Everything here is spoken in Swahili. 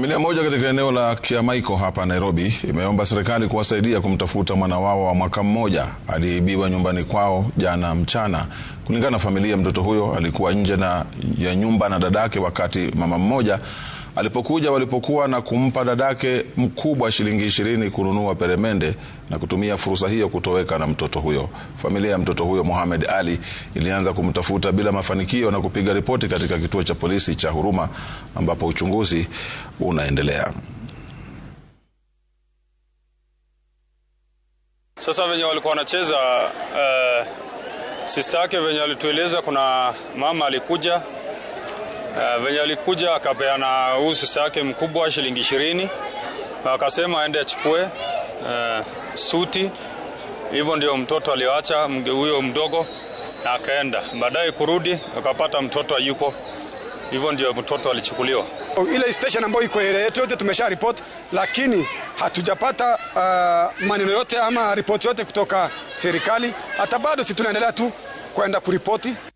Familia moja katika eneo la Kiamaiko hapa Nairobi imeomba serikali kuwasaidia kumtafuta mwana wao wa mwaka mmoja aliyeibiwa nyumbani kwao jana mchana. Kulingana na familia, mtoto huyo alikuwa nje ya nyumba na dadake wakati mama mmoja alipokuja walipokuwa na kumpa dadake mkubwa shilingi ishirini kununua peremende na kutumia fursa hiyo kutoweka na mtoto huyo. Familia ya mtoto huyo Mohamed Ali ilianza kumtafuta bila mafanikio na kupiga ripoti katika kituo cha polisi cha Huruma ambapo uchunguzi unaendelea. Sasa venye walikuwa wanacheza uh, eh, sista yake venye alitueleza, kuna mama alikuja Eh, venye alikuja akapeana huu sisa yake mkubwa shilingi ishirini, akasema aende achukue uh, suti. Hivyo ndio mtoto alioacha huyo mdogo, na akaenda baadaye kurudi akapata mtoto ayuko hivyo ndio mtoto alichukuliwa. Ile station ambayo iko ile yetu yote tumesha report, lakini hatujapata uh, maneno yote ama ripoti yote kutoka serikali. Hata bado si tunaendelea tu kwenda kuripoti.